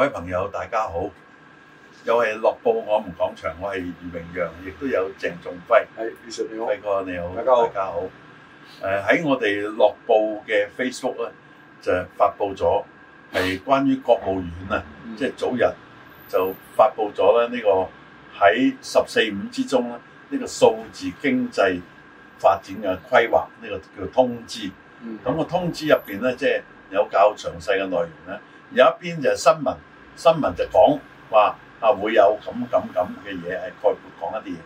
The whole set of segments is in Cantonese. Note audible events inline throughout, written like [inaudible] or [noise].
各位朋友，大家好！又係樂報我們講場，我係余明陽，亦都有鄭仲輝。係余叔你好，輝哥你好，大家好，大家好。誒，喺我哋樂報嘅 Facebook 咧，就發佈咗係關於國務院啊，即係早日就發佈咗咧呢個喺十四五之中咧呢個數字經濟發展嘅規劃呢個叫通知。咁個通知入邊咧，即係有較詳細嘅內容咧，有一邊就係新聞，新聞就講話啊，會有咁咁咁嘅嘢，係概括講一啲嘢。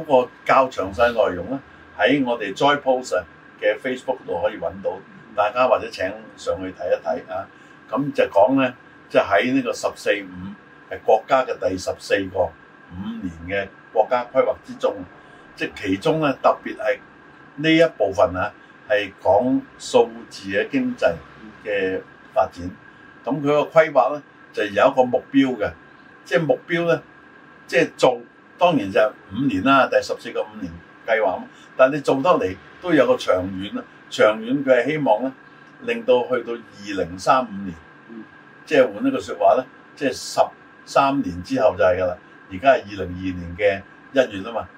嗰個較詳細內容咧，喺我哋再 post 嘅 Facebook 度可以揾到，大家或者請上去睇一睇啊。咁就講咧，即係喺呢個十四五係國家嘅第十四個五年嘅國家規劃之中，即係其中咧特別係呢一部分啊，係講數字嘅經濟嘅發展。咁佢個規劃咧？就有一個目標嘅，即係目標咧，即係做當然就係五年啦，第十四個五年計劃。但係你做得嚟都有個長遠啊！長遠嘅希望咧，令到去到二零三五年，即係換一個説話咧，即係十三年之後就係㗎啦。而家係二零二二年嘅一月啊嘛，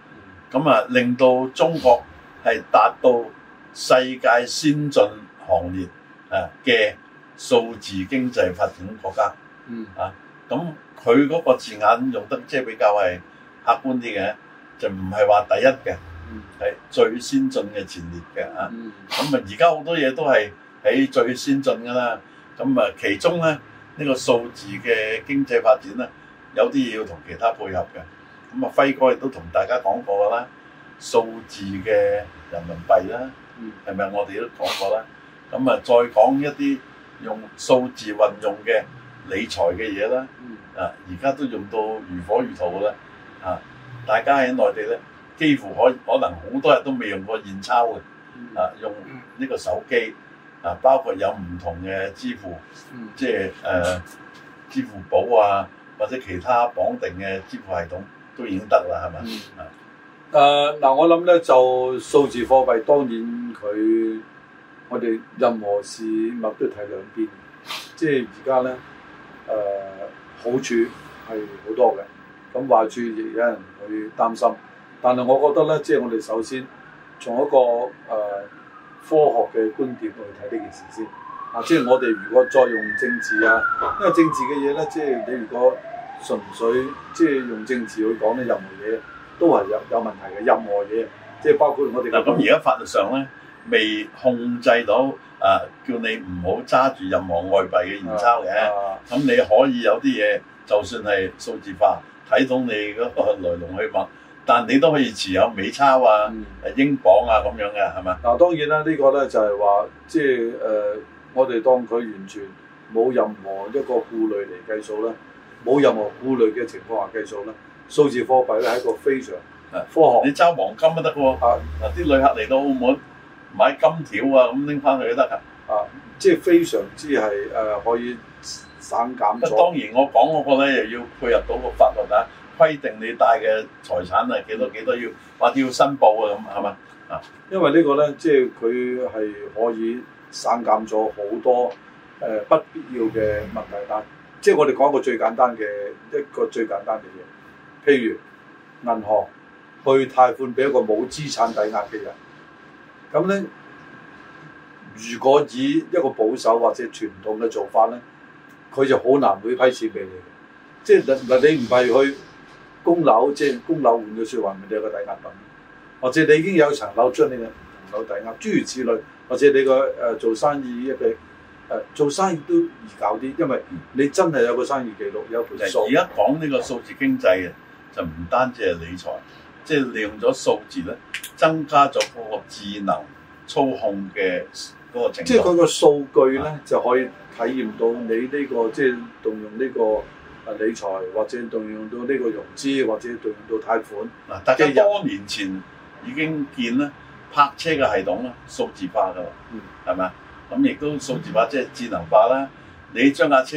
咁啊令到中國係達到世界先進行列啊嘅數字經濟發展國家。嗯啊，咁佢嗰個字眼用得即係比較係客觀啲嘅，就唔係話第一嘅，係、嗯、最先進嘅前列嘅啊。咁啊、嗯，而家好多嘢都係喺最先進噶啦。咁啊，其中咧呢、呢個數字嘅經濟發展啦，有啲嘢要同其他配合嘅。咁啊，輝哥亦都同大家講過啦，數字嘅人民幣啦，係咪、嗯、我哋都講過啦？咁啊，再講一啲用數字運用嘅。理財嘅嘢啦，啊，而家都用到如火如荼啦，啊，大家喺內地咧，幾乎可可能好多日都未用過現鈔嘅，啊，用呢個手機，啊，包括有唔同嘅支付，即係誒支付寶啊，或者其他綁定嘅支付系統都已經得啦，係咪？啊、嗯，誒、呃、嗱，我諗咧就數字貨幣，當然佢我哋任何事物都要睇兩邊，即係而家咧。誒、呃、好處係好多嘅，咁壞處亦有人會擔心。但係我覺得咧，即係我哋首先從一個誒、呃、科學嘅觀點去睇呢件事先。啊，即係我哋如果再用政治啊，因為政治嘅嘢咧，即係你如果純粹即係用政治去講咧，任何嘢都係有有問題嘅。任何嘢即係包括我哋咁而家法律上咧，未控制到誒、啊、叫你唔好揸住任何外幣嘅現鈔嘅。啊啊咁你可以有啲嘢，就算係數字化睇到你嗰個來龍去脈，但你都可以持有美鈔啊、嗯、英鎊啊咁樣嘅，係嘛？嗱、啊，當然啦，這個、呢個咧就係、是、話，即係誒，我哋當佢完全冇任何一個顧慮嚟計數啦，冇任何顧慮嘅情況下計數啦。數字貨幣咧係一個非常、啊、科學。你揸黃金都得喎，嗱啲、啊、旅客嚟到澳門買金條啊，咁拎翻去都得㗎，啊，即係、啊就是、非常之係誒可以。省減咗，當然我講嗰個咧又要配合到個法律啊，規定你帶嘅財產係幾多幾多要，要或者要申報啊咁，係咪？啊，因為呢個咧，即係佢係可以省減咗好多誒、呃、不必要嘅問題單，但即係我哋講個最簡單嘅一個最簡單嘅嘢，譬如銀行去貸款俾一個冇資產抵押嘅人，咁咧如果以一個保守或者傳統嘅做法咧。佢就好難會批錢俾你，即係你唔係去供樓，即係供樓換句説話，咪有個抵押品，或者你已經有層樓將你嘅樓抵押，諸如此類，或者你個誒、呃、做生意嘅誒、呃、做生意都易搞啲，因為你真係有個生意記錄，有而家講呢個數字經濟嘅就唔單止係理財，即、就、係、是、利用咗數字咧，增加咗個智能操控嘅嗰個程度。即係佢個數據咧、啊、就可以。體驗到你呢、呢個即係動用呢個啊理財，或者動用到呢個融資，或者動用到貸款。嗱，大家多年前已經見啦泊車嘅系統啦，數字化噶啦，係咪啊？咁亦、嗯、都數字化即係智能化啦。你將架車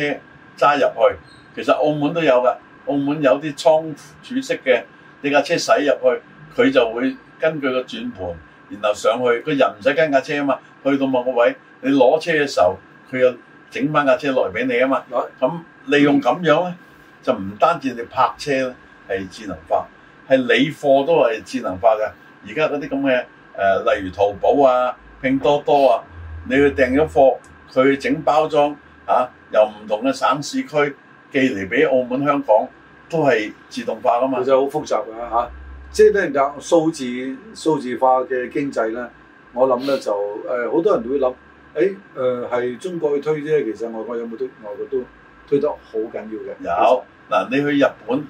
揸入去，其實澳門都有噶。澳門有啲倉儲式嘅，你架車駛入去，佢就會根據個轉盤，然後上去。個人唔使跟架車啊嘛，去到某個位，你攞車嘅時候，佢有。整翻架車來俾你啊嘛，咁利、啊、用咁樣咧，就唔單止你泊車咧，係智能化，係理貨都係智能化嘅。而家嗰啲咁嘅誒，例如淘寶啊、拼多多啊，你去訂咗貨，佢整包裝啊，由唔同嘅省市區寄嚟俾澳門、香港，都係自動化啊嘛。其實就好複雜啊嚇，即係咧，數字數字化嘅經濟咧，我諗咧就誒，好、呃、多人都會諗。誒，誒係、欸呃、中國去推啫，其實外國有冇推？外國都推得好緊要嘅。有嗱其實，你去日本，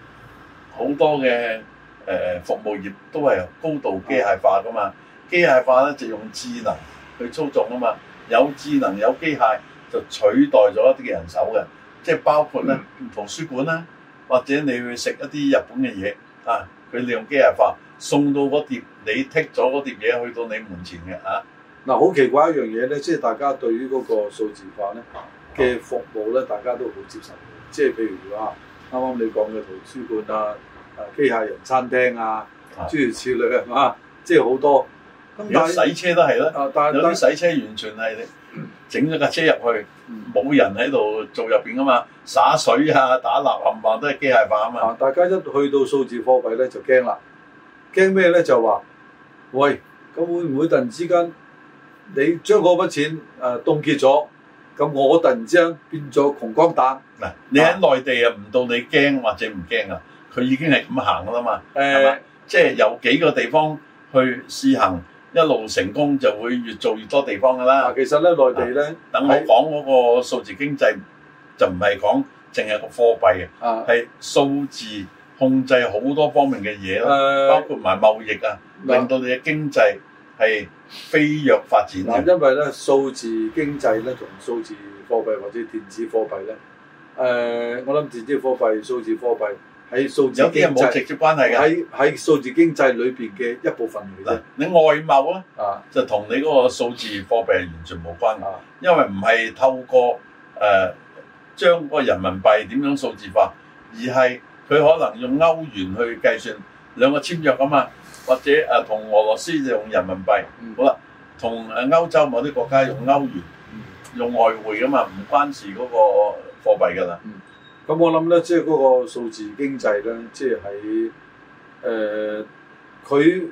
好多嘅誒、呃、服務業都係高度機械化噶嘛。機械化咧就用智能去操作啊嘛。有智能有機械就取代咗一啲嘅人手嘅，即係包括咧圖書館啦、啊，或者你去食一啲日本嘅嘢啊，佢利用機械化送到嗰碟，你剔咗嗰碟嘢去到你門前嘅啊。嗱，好奇怪一樣嘢咧，即係大家對於嗰個數字化咧嘅服務咧，大家都好接受嘅。即係譬如啊，啱啱你講嘅圖書館啊，啊機械人餐廳啊諸如此類啊，啊即係好多。咁但係洗車都係咧，有啲洗車完全係你整咗架車入去，冇人喺度做入邊噶嘛，灑水啊、打蠟冚唪唥都係機械化啊嘛。大家一去到數字貨幣咧就驚啦，驚咩咧就話，喂，咁會唔會突然之間？你將嗰筆錢誒凍結咗，咁我突然之間變咗窮光蛋。嗱，你喺內地啊，唔到你驚或者唔驚啊？佢已經係咁行噶啦嘛。誒，即係有幾個地方去試行，一路成功就會越做越多地方噶啦。其實咧，內地咧，等我講嗰個數字經濟，就唔係講淨係個貨幣啊，係數字控制好多方面嘅嘢啦，包括埋貿易啊，令到你嘅經濟係，飛躍發展啦，因為咧數字經濟咧同數字貨幣或者電子貨幣咧，誒、呃、我諗電子貨幣、數字貨幣喺數字有啲係冇直接關係嘅，喺喺數字經濟裏邊嘅一部分嚟啫。你外貿咧啊，就同你嗰個數字貨幣係完全冇關啊，因為唔係透過誒、呃、將個人民幣點樣數字化，而係佢可能用歐元去計算兩個簽約啊嘛。或者誒同俄羅斯用人民幣，好、嗯、啦，同誒、嗯、歐洲某啲國家用歐元，嗯、用外匯咁嘛，唔關事嗰個貨幣噶啦。咁、嗯、我諗咧，即係嗰個數字經濟咧，即係喺誒佢，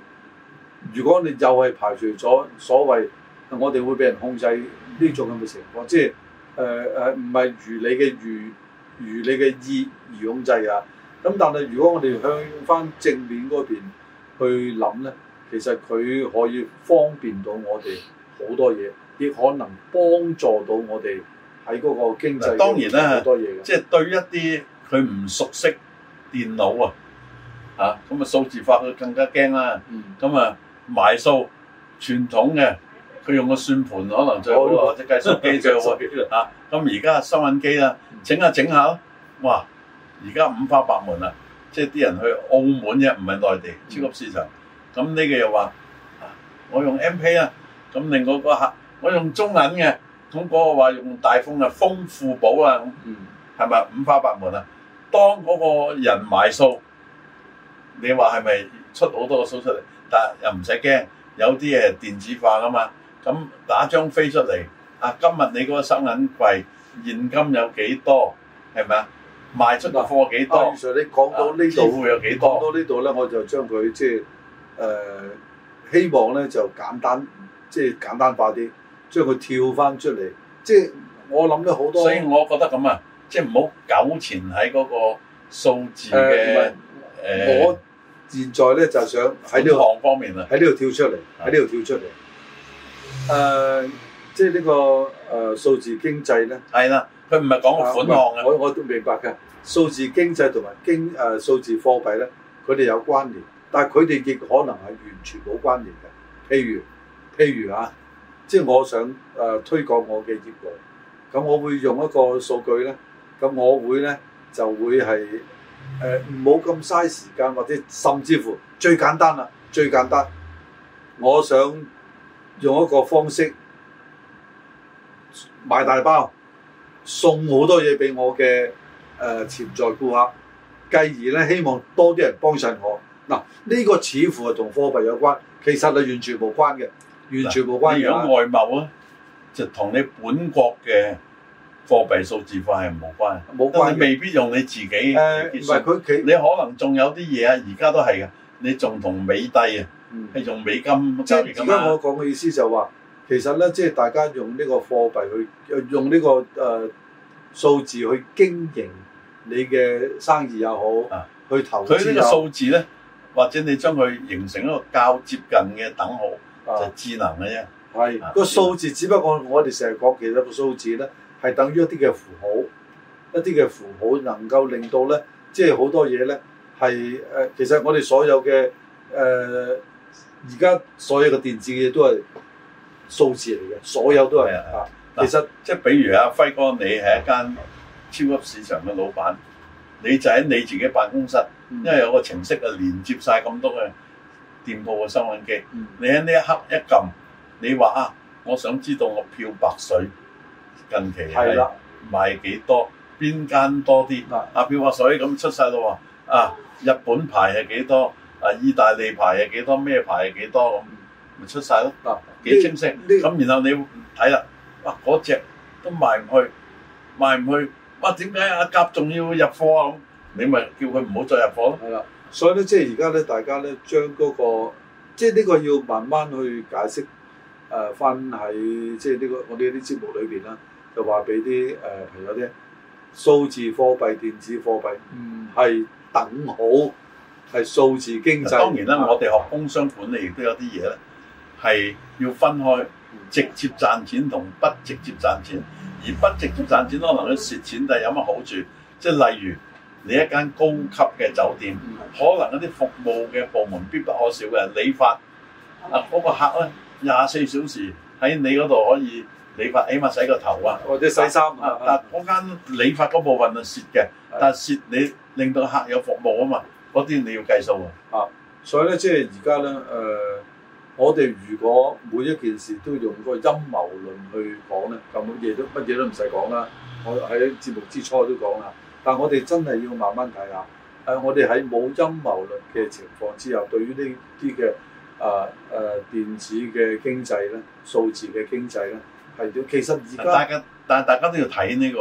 如果你又係排除咗所謂我哋會俾人控制呢種咁嘅情況，即係誒誒唔係如你嘅如如你嘅意而控制啊。咁但係如果我哋向翻正面嗰邊。去諗咧，其實佢可以方便到我哋好多嘢，亦可能幫助到我哋喺嗰個經濟。當然啦，好多嘢嘅，即係對一啲佢唔熟悉電腦啊，嚇咁啊數字化佢更加驚啦。咁啊、嗯，埋數傳統嘅，佢用個算盤可能最好，哦這個、或者計算機最好。嚇、嗯，咁而家收銀機啊，整下整下咯，哇！而家五花八門啊。即係啲人去澳門嘅，唔係內地超級市場。咁呢、嗯、個又話、啊：我用 MP 啊，咁另外個客我用中銀嘅，咁嗰個話用大豐嘅豐富寶啊，係咪、嗯、五花八門啊？當嗰個人埋數，你話係咪出好多個數出嚟？但又唔使驚，有啲嘢電子化啊嘛。咁打張飛出嚟，啊，今日你嗰個收銀櫃現金有幾多？係咪啊？賣出個貨幾多？所以、啊、你講到呢度，講到呢度咧，我就將佢即係誒，希望咧就簡單，即係簡單化啲，將佢跳翻出嚟。即係我諗咗好多。所以我覺得咁啊，即係唔好糾纏喺嗰個數字嘅。誒、呃，我現在咧、呃、就想喺呢個方面啊，喺呢度跳出嚟，喺呢度跳出嚟。誒、呃、即係、這、呢個誒數、呃、字經濟咧。係啦。佢唔係講個款項、啊、我我都明白嘅。數字經濟同埋經誒、呃、數字貨幣咧，佢哋有關聯，但係佢哋亦可能係完全冇關聯嘅。譬如譬如啊，即、就、係、是、我想誒、呃、推廣我嘅業務，咁我會用一個數據咧，咁我會咧就會係誒唔好咁嘥時間，或者甚至乎最簡單啦，最簡單，我想用一個方式買大包。送好多嘢俾我嘅誒、呃、潛在顧客，繼而咧希望多啲人幫襯我。嗱，呢、這個似乎係同貨幣有關，其實係完全冇關嘅，完全冇關。你如果外貿咧，就同你本國嘅貨幣數字化係冇關，冇關。你未必用你自己，唔係佢佢，你可能仲有啲嘢啊，而家都係㗎，你仲同美帝啊，係、嗯、用美金、嗯。即係咁樣，我講嘅意思就係話。其實咧，即係大家用呢個貨幣去用呢、呢個誒、呃、數字去經營你嘅生意又好，啊、去投資又好。佢呢個數字咧，或者你將佢形成一個較接近嘅等號，啊、就智能嘅啫。係個是、啊、數字，只不過我哋成日講，其實個數字咧係等於一啲嘅符號，一啲嘅符號能夠令到咧，即係好多嘢咧係誒。其實我哋所有嘅誒而家所有嘅電子嘅嘢都係。數字嚟嘅，所有都係啊！其實 [noise] 即係比如阿輝哥，你係一間超級市場嘅老闆，你就喺你自己辦公室，因為有個程式啊，連接晒咁多嘅店鋪嘅收銀機，你喺呢一刻一撳，你話啊，我想知道我漂白水近期係啦賣幾多，邊、啊、間多啲？啊，漂白水咁出晒咯啊，日本牌係幾多？啊，意大利牌係幾多？咩牌係幾多？咁咪出晒咯～幾清晰咁，然後你睇啦，哇嗰隻都賣唔去，賣唔去，哇點解阿甲仲要入貨啊？咁你咪叫佢唔好再入貨咯。係啦，所以咧即係而家咧，大家咧將嗰個即係呢個要慢慢去解釋誒，翻喺即係呢個我哋啲節目裏邊啦，就話俾啲誒朋友聽，數字貨幣、電子貨幣係等好係數字經濟。當然啦，我哋學工商管理亦都有啲嘢咧。係要分開直接賺錢同不直接賺錢，而不直接賺錢可能咧蝕錢，但係有乜好處？即係例如你一間高級嘅酒店，可能嗰啲服務嘅部門必不可少嘅理髮啊，嗰個客咧廿四小時喺你嗰度可以理髮，起碼洗個頭啊，或者洗衫啊。但嗰間理髮嗰部分啊蝕嘅，的但蝕你令到客有服務啊嘛，嗰啲你要計數啊。所以咧，即係而家咧，誒。我哋如果每一件事都用個陰謀論去講咧，咁嘢都乜嘢都唔使講啦。我喺節目之初都講啦，但我哋真係要慢慢睇下。誒、呃，我哋喺冇陰謀論嘅情況之下，對於呢啲嘅誒誒電子嘅經濟咧、數字嘅經濟咧係點？其實而家大家但係大家都要睇呢個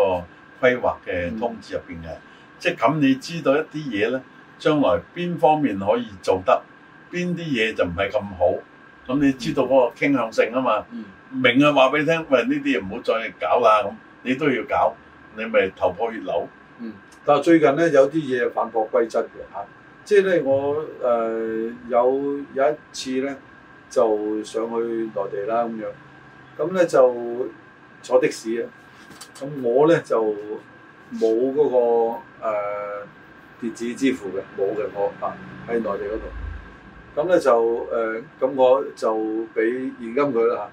規劃嘅通知入邊嘅，即係咁，你知道一啲嘢咧，將來邊方面可以做得，邊啲嘢就唔係咁好。咁你知道嗰個傾向性啊嘛？明啊，話俾你聽，喂，呢啲嘢唔好再搞啦咁，你都要搞，你咪頭破血流。嗯、但係最近咧有啲嘢反駁規則嘅嚇，即係咧我誒有、呃、有一次咧就上去內地啦咁樣，咁咧就坐的士啊，咁我咧就冇嗰、嗰個誒電、呃、子支付嘅，冇嘅我啊喺內地嗰度。咁咧就誒，咁我就俾現金佢啦。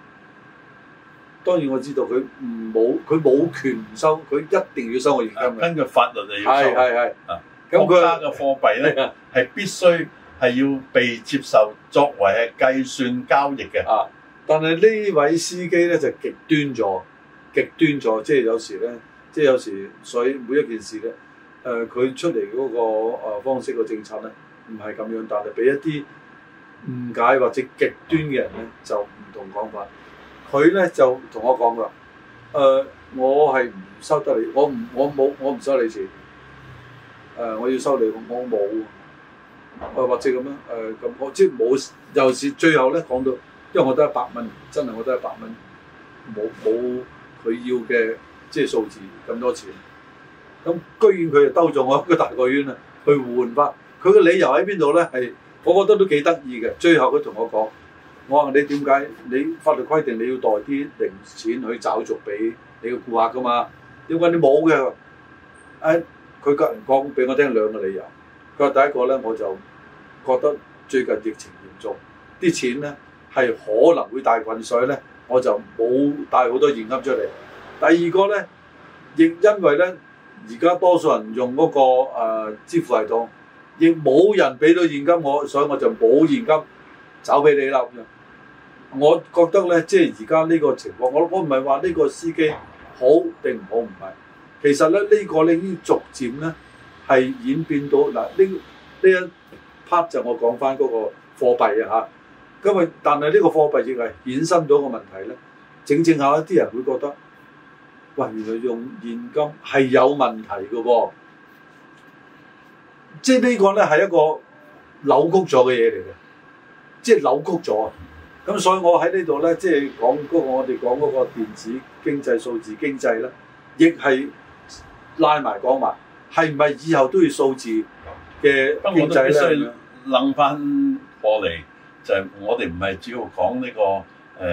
當然我知道佢唔冇，佢冇權唔收，佢一定要收我現金嘅，根據法律嚟要收。係係係。啊，佢嘅貨幣咧係必須係要被接受作為係計算交易嘅。啊，但係呢位司機咧就極端咗，極端咗，即係有時咧，即係有時，所以每一件事咧，誒佢出嚟嗰個誒方式個政策咧，唔係咁樣，但係俾一啲。誤解或者極端嘅人咧，就唔同講法。佢咧就同我講啦，誒、呃，我係唔收得你，我唔，我冇，我唔收你錢。誒、呃，我要收你，我冇。誒，或者咁樣，誒、呃，咁我即係冇。又是最後咧講到，因為我得一百蚊，真係我得一百蚊，冇冇佢要嘅即係數字咁多錢。咁居然佢就兜咗我一個大個圈啦，去換翻。佢嘅理由喺邊度咧？係我覺得都幾得意嘅，最後佢同我講，我話你點解你法律規定你要代啲零錢去找續俾你個顧客噶嘛？點解你冇嘅？誒、哎，佢個人講俾我，我聽兩個理由。佢話第一個咧，我就覺得最近疫情嚴重，啲錢咧係可能會帶滾水咧，我就冇帶好多現金出嚟。第二個咧，亦因為咧而家多數人用嗰、嗰個、呃、支付系統。亦冇人俾到現金我，所以我就冇現金走俾你啦咁樣。我覺得咧，即係而家呢個情況，我我唔係話呢個司機好定唔好，唔係。其實咧呢個咧，已經逐漸咧係演變到嗱，呢呢一 part 就我講翻嗰個貨幣啊吓，因為但係呢個貨幣亦係衍生咗個問題咧，整正下一啲人會覺得喂，原來用現金係有問題嘅喎。即係呢個咧係一個扭曲咗嘅嘢嚟嘅，即係扭曲咗。咁所以我喺呢度咧，即係講嗰個我哋講嗰個電子經濟、數字經濟咧，亦係拉埋講埋，係唔係以後都要數字嘅經濟？需要。擰翻過嚟就係、是、我哋唔係主要講呢、這個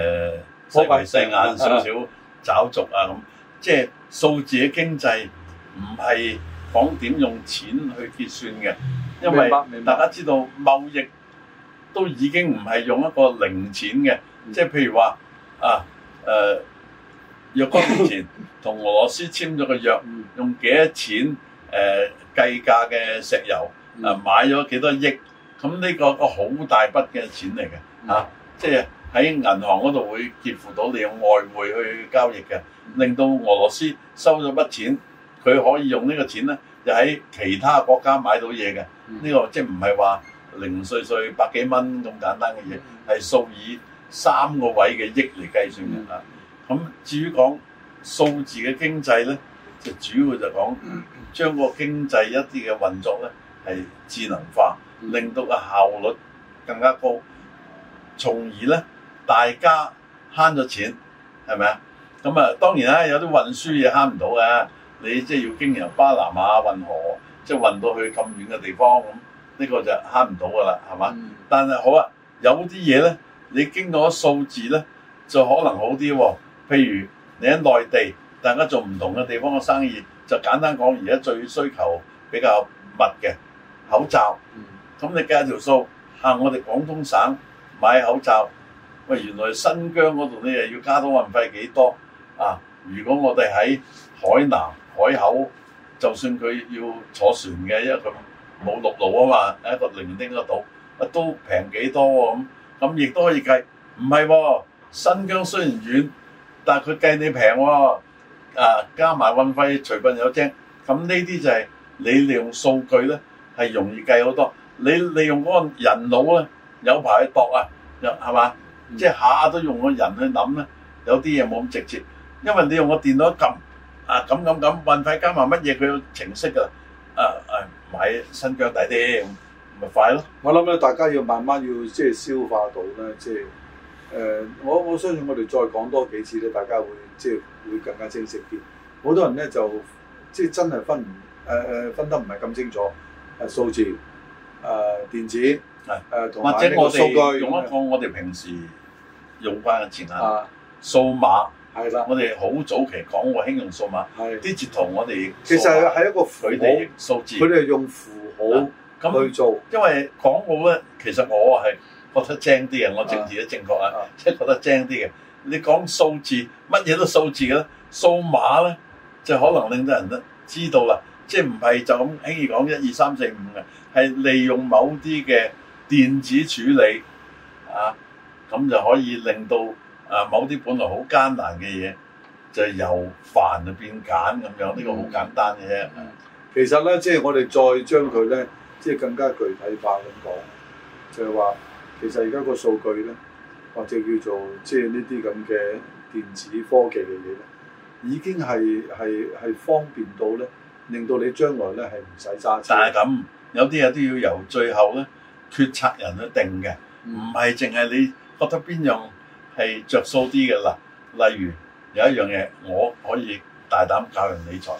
誒食眉食眼怕少少找逐啊咁的，即係數字嘅經濟唔係。講點用錢去結算嘅，因為大家知道貿易都已經唔係用一個零錢嘅，即係譬如話啊，誒、呃，若干年前同俄羅斯簽咗個約， [laughs] 用幾多錢誒、呃、計價嘅石油啊、嗯、買咗幾多億，咁呢個個好大筆嘅錢嚟嘅，嗯、啊，即係喺銀行嗰度會結付到你用外匯去交易嘅，令到俄羅斯收咗筆錢，佢可以用呢個錢咧。就喺其他國家買到嘢嘅，呢、嗯、個即係唔係話零碎碎百幾蚊咁簡單嘅嘢，係數、嗯、以三個位嘅億嚟計算嘅啊。咁、嗯、至於講數字嘅經濟咧，就主要就講將、嗯、個經濟一啲嘅運作咧係智能化，嗯、令到個效率更加高，從而咧大家慳咗錢，係咪啊？咁啊，當然啦、啊，有啲運輸嘢慳唔到嘅。你即係要經由巴拿馬運河，即係運到去咁遠嘅地方咁，呢個就慳唔到㗎啦，係嘛？嗯、但係好啊，有啲嘢咧，你經過咗數字咧，就可能好啲喎、哦。譬如你喺內地，大家做唔同嘅地方嘅生意，就簡單講，而家最需求比較密嘅口罩。咁、嗯、你計條數，嚇我哋廣東省買口罩，喂，原來新疆嗰度你又要加到運費幾多啊？如果我哋喺海南？海口就算佢要坐船嘅，一個冇陸路啊嘛，一個零丁一個島，都啊都平幾多喎咁，咁亦都可以計。唔係喎，新疆雖然遠，但係佢計你平喎、啊，啊加埋運費，隨份有精。咁呢啲就係、是、你利用數據咧，係容易計好多。你利用嗰個人腦咧，有排去度啊，係嘛？嗯、即係下下都用個人去諗咧，有啲嘢冇咁直接，因為你用個電腦撳。啊咁咁咁，運費加埋乜嘢佢要程式噶，啊啊買新疆大啲咪快咯！我諗咧，大家要慢慢要即係消化到咧，即係誒，我我相信我哋再講多幾次咧，大家會即係、就是、會更加清晰啲。好多人咧就即係、就是、真係分唔誒誒，分得唔係咁清楚誒數字誒、呃、電子誒誒同埋呢個數據用一個我哋平時用翻嘅錢啊數碼，係啦，我哋好早期講過輕用數碼，啲字圖我哋其實係一個符號數字，佢哋用符號噉去做，啊、因為講話咧，其實我係覺得精啲嘅，啊、我政治都正確啊，即係覺得精啲嘅。你講數字，乜嘢都數字咯，數碼咧就可能令到人都知道啦，即係唔係就咁輕易講一二三四五嘅，係利用某啲嘅電子處理啊，咁就可以令到。啊，某啲本來好艱難嘅嘢，就係、由繁變簡咁樣，呢、這個好簡單嘅啫、嗯。其實咧，即、就、係、是、我哋再將佢咧，即、就、係、是、更加具體化咁講，就係、是、話，其實而家個數據咧，或者叫做即係呢啲咁嘅電子科技嘅嘢咧，已經係係係方便到咧，令到你將來咧係唔使揸錢。車但係咁，有啲嘢都要由最後咧決策人去定嘅，唔係淨係你覺得邊樣。係着數啲嘅啦，例如有一樣嘢，我可以大膽教人理財。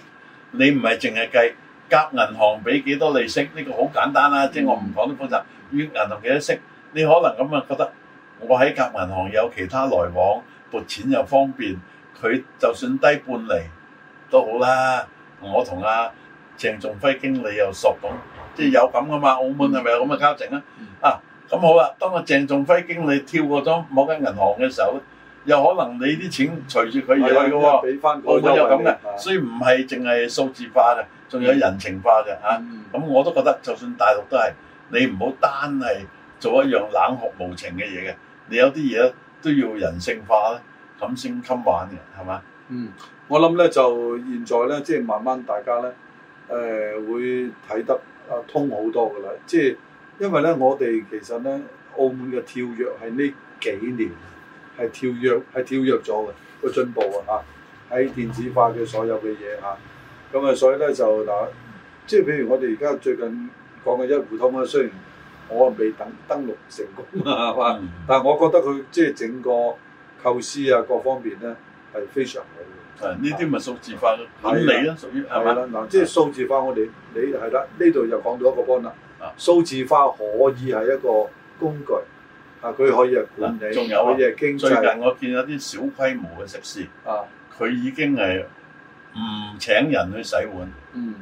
你唔係淨係計甲銀行俾幾多利息，呢、這個好簡單啦、啊，嗯、即係我唔講得複雜。乙銀行幾多息，你可能咁啊覺得我喺甲銀行有其他來往，撥錢又方便，佢就算低半厘都好啦。我同阿鄭仲輝經理又熟，即係有咁噶嘛。澳門係咪有咁嘅交情、嗯、啊？啊！咁好啦，當我鄭仲輝經理跳過咗某間銀行嘅時候，又可能你啲錢隨住佢而去嘅喎，我有咁嘅，所以唔係淨係數字化嘅，仲有人情化嘅嚇。咁、嗯啊、我都覺得，就算大陸都係，你唔好單係做一樣冷酷無情嘅嘢嘅，你有啲嘢都要人性化咧，咁先襟玩嘅，係嘛？嗯，我諗咧就現在咧，即係慢慢大家咧，誒、呃、會睇得啊通好多嘅啦，即係。因為咧，我哋其實咧，澳門嘅跳躍係呢幾年係跳躍係跳躍咗嘅個進步啊！喺電子化嘅所有嘅嘢啊，咁啊，所以咧就嗱，即係譬如我哋而家最近講嘅一戶通咧，雖然我未等登錄成功啊嘛，但係我覺得佢即係整個構思啊各方面咧係非常好嘅。呢啲咪數字化嘅，咁你咧屬於係嘛？即係數字化，啊、字化我哋你係啦，呢度又講咗一個 point 啦。數字化可以係一個工具，啊佢可以係管理，佢係經濟。最近我見有啲小規模嘅食肆，啊佢已經係唔請人去洗碗，嗯，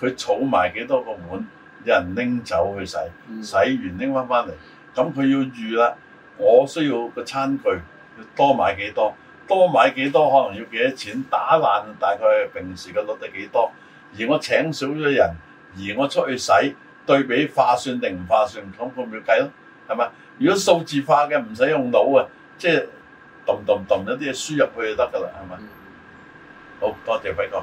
佢儲埋幾多個碗，有人拎走去洗，嗯、洗完拎翻翻嚟，咁佢要預啦，我需要個餐具要多買幾多，多買幾多，多，買多，多，買多可能要幾多錢，打爛大概平時嘅率得幾多，而我請少咗人，而我出去洗。對比化算定唔化算，咁咁樣計咯，係咪？如果數字化嘅唔使用腦啊，即係噹噹噹一啲嘢輸入去就得㗎啦，係咪？嗯、好多謝輝哥。